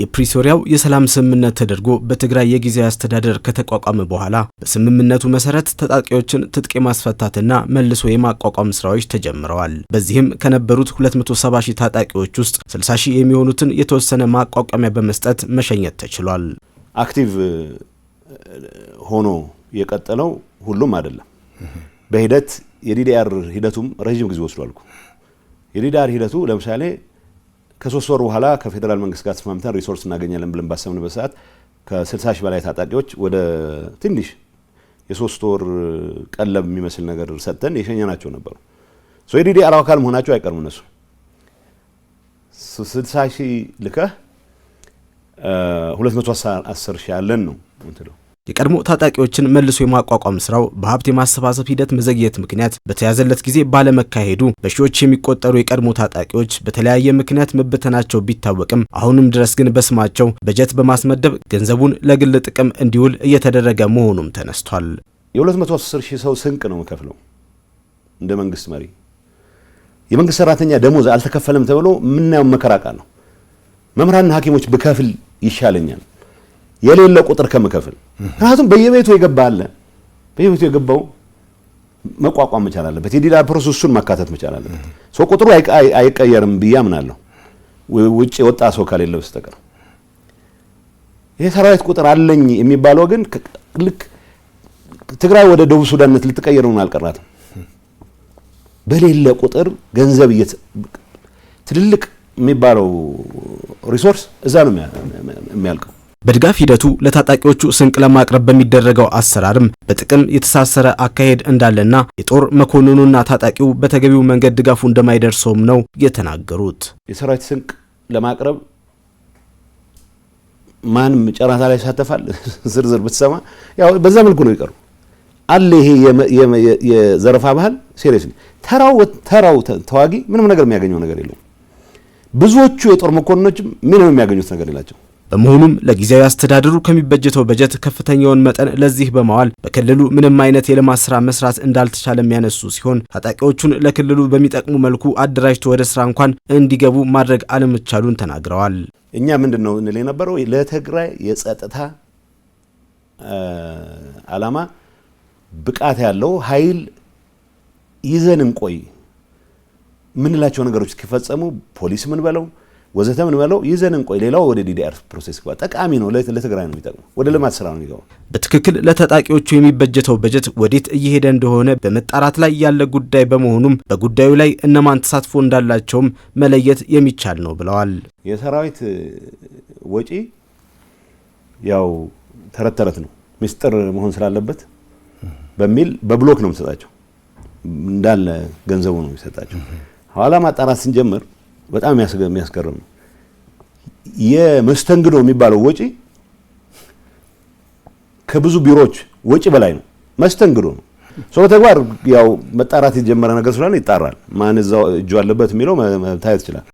የፕሪቶሪያው የሰላም ስምምነት ተደርጎ በትግራይ የጊዜያዊ አስተዳደር ከተቋቋመ በኋላ በስምምነቱ መሰረት ታጣቂዎችን ትጥቅ የማስፈታትና መልሶ የማቋቋም ስራዎች ተጀምረዋል። በዚህም ከነበሩት 270 ሺህ ታጣቂዎች ውስጥ 60 ሺህ የሚሆኑትን የተወሰነ ማቋቋሚያ በመስጠት መሸኘት ተችሏል። አክቲቭ ሆኖ የቀጠለው ሁሉም አይደለም። በሂደት የዲዲአር ሂደቱም ረዥም ጊዜ ወስዷል። የዲዲአር ሂደቱ ለምሳሌ ከሶስት ወር በኋላ ከፌዴራል መንግስት ጋር ተስማምተን ሪሶርስ እናገኛለን ብለን ባሰብን በሰዓት ከ60 ሺህ በላይ ታጣቂዎች ወደ ትንሽ የሶስት ወር ቀለብ የሚመስል ነገር ሰጥተን የሸኘናቸው ነበሩ። የዲዲአር አካል መሆናቸው አይቀርም። እነሱ 60 ሺህ ልከህ 210 ሺህ ያለን ነው ምትለው የቀድሞ ታጣቂዎችን መልሶ የማቋቋም ስራው በሀብት የማሰባሰብ ሂደት መዘግየት ምክንያት በተያዘለት ጊዜ ባለመካሄዱ በሺዎች የሚቆጠሩ የቀድሞ ታጣቂዎች በተለያየ ምክንያት መበተናቸው ቢታወቅም አሁንም ድረስ ግን በስማቸው በጀት በማስመደብ ገንዘቡን ለግል ጥቅም እንዲውል እየተደረገ መሆኑም ተነስቷል። የ210 ሺህ ሰው ስንቅ ነው የምከፍለው እንደ መንግስት መሪ። የመንግስት ሰራተኛ ደሞዝ አልተከፈለም ተብሎ የምናየው መከራቃ ነው። መምህራንና ሐኪሞች ብከፍል ይሻለኛል የሌለ ቁጥር ከምከፍል ምክንያቱም በየቤቱ የገባ አለ። በየቤቱ የገባው መቋቋም መቻል አለበት። የዲዳ ፕሮሰሱን ማካተት መቻል አለበት። ሰው ቁጥሩ አይቀየርም ብዬ አምናለሁ፣ ውጭ የወጣ ሰው ከሌለ በስተቀር ይሄ ሰራዊት ቁጥር አለኝ የሚባለው ግን ልክ ትግራይ ወደ ደቡብ ሱዳንነት ልትቀየር ነው አልቀራትም። በሌለ ቁጥር ገንዘብ ትልልቅ የሚባለው ሪሶርስ እዛ ነው የሚያልቀው። በድጋፍ ሂደቱ ለታጣቂዎቹ ስንቅ ለማቅረብ በሚደረገው አሰራርም በጥቅም የተሳሰረ አካሄድ እንዳለና የጦር መኮንኑና ታጣቂው በተገቢው መንገድ ድጋፉ እንደማይደርሰውም ነው የተናገሩት። የሰራዊት ስንቅ ለማቅረብ ማንም ጨራታ ላይ ይሳተፋል ዝርዝር ብትሰማ ያው በዛ መልኩ ነው ይቀሩ አለ። ይሄ የዘረፋ ባህል ሴሪየስሊ ተራው ተራው ተዋጊ ምንም ነገር የሚያገኘው ነገር የለም። ብዙዎቹ የጦር መኮንኖችም ምንም የሚያገኙት ነገር የላቸው። በመሆኑም ለጊዜያዊ አስተዳደሩ ከሚበጀተው በጀት ከፍተኛውን መጠን ለዚህ በማዋል በክልሉ ምንም አይነት የልማት ስራ መስራት እንዳልተቻለ የሚያነሱ ሲሆን ታጣቂዎቹን ለክልሉ በሚጠቅሙ መልኩ አደራጅቶ ወደ ስራ እንኳን እንዲገቡ ማድረግ አለመቻሉን ተናግረዋል። እኛ ምንድን ነው እንል የነበረው ለትግራይ የጸጥታ አላማ ብቃት ያለው ኃይል ይዘን እንቆይ ምንላቸው ነገሮች እስኪፈጸሙ ፖሊስ ምን በለው ወዘተ ምን በለው ይዘን እንቆይ። ሌላው ወደ ዲዲአር ፕሮሴስ ግባ፣ ጠቃሚ ነው፣ ለትግራይ ነው የሚጠቅመው፣ ወደ ልማት ስራ ነው የሚገባው። በትክክል ለታጣቂዎቹ የሚበጀተው በጀት ወዴት እየሄደ እንደሆነ በመጣራት ላይ ያለ ጉዳይ በመሆኑም በጉዳዩ ላይ እነማን ተሳትፎ እንዳላቸውም መለየት የሚቻል ነው ብለዋል። የሰራዊት ወጪ ያው ተረት ተረት ነው፣ ሚስጥር መሆን ስላለበት በሚል በብሎክ ነው የምሰጣቸው፣ እንዳለ ገንዘቡ ነው የሚሰጣቸው። ኋላ ማጣራት ስንጀምር በጣም የሚያስገርም ነው። የመስተንግዶ የሚባለው ወጪ ከብዙ ቢሮዎች ወጪ በላይ ነው። መስተንግዶ ነው። ሰው በተግባር ያው መጣራት የጀመረ ነገር ስላለ ይጣራል። ማን እዛው እጁ አለበት የሚለው መታየት ይችላል።